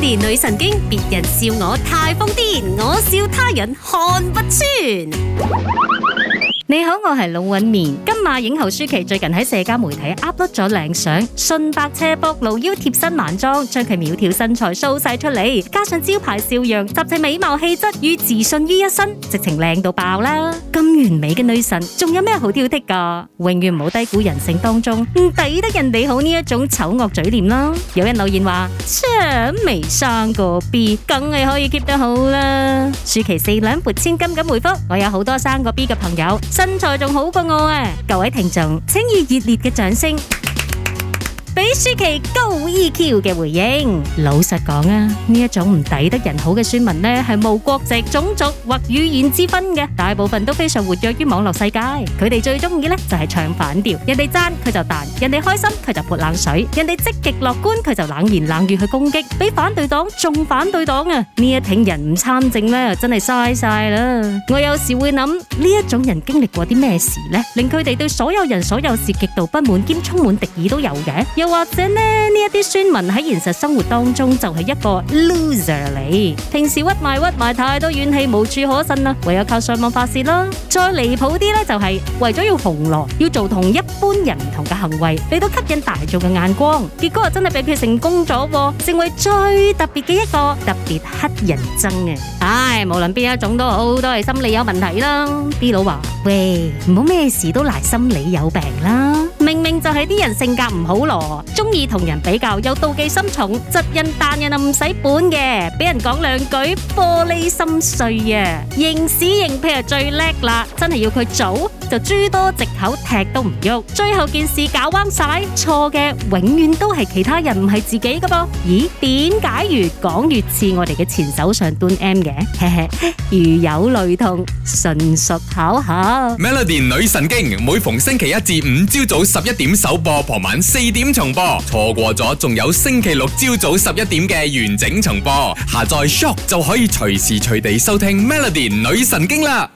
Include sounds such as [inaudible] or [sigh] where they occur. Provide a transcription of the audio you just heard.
女神經，別人笑我太瘋癲，我笑他人看不穿。你好，我係龍紋敏。金馬影后舒淇最近喺社交媒體 upload 咗靚相，順白斜膊露腰貼身晚裝，將佢苗條身材 show 晒出嚟，加上招牌笑容，集齊美貌氣質與自信於一身，直情靚到爆啦！咁完美嘅女神，仲有咩好挑剔噶？永遠唔好低估人性當中唔抵得人哋好呢一種醜惡嘴臉啦！有人留言話：長未生個 B，梗係可以 keep 得好啦。舒淇四兩撥千金咁回覆：，我有好多生個 B 嘅朋友。身材仲好過我啊！各位聽眾，請以熱烈嘅掌聲俾舒淇高 EQ 嘅回應。老實講啊，呢一種唔抵得人好嘅酸民呢，係冇國籍、種族或語言之分嘅。大部分都非常活躍於網絡世界。佢哋最中意呢就係唱反調，人哋讚佢就彈，人哋開心佢就潑冷水，人哋積極樂觀佢就冷言冷語去攻擊，比反對黨仲反對黨啊！呢一挺人唔參政呢，真係嘥晒啦！我有時會諗呢一種人經歷過啲咩事呢，令佢哋對所有人、所有事極度不滿兼充滿敵意都有嘅。又或者呢，呢一啲酸民喺現實生活當中就係一個 loser 嚟，平時屈埋屈埋太多怨氣無處可伸啦、啊，唯有靠上網發洩啦、啊。再離譜啲呢，就係、是、為咗要紅羅，要做同一般人唔同嘅行為，嚟到吸引大眾嘅眼光，結果真係被佢成功咗、啊，成為最特別嘅一個特別乞人憎嘅。唉，無論邊一種都好，都係心理有問題啦。B 佬話：喂，唔好咩事都賴心理有病啦。明明就係啲人性格唔好咯，中意同人比較，又妒忌心重，責人彈人就唔使本嘅，俾人講兩句，玻璃心碎呀、啊，認屎認屁就最叻啦，真係要佢做。就諸多藉口踢都唔喐，最後件事搞彎晒，錯嘅永遠都係其他人，唔係自己嘅噃。咦？點解越講越似我哋嘅前手上端 M 嘅？ [laughs] 如有類同，純屬巧合。Melody 女神經，每逢星期一至五朝早十一點首播，傍晚四點重播，錯過咗仲有星期六朝早十一點嘅完整重播。下載 s h o p 就可以隨時隨地收聽 Melody 女神經啦。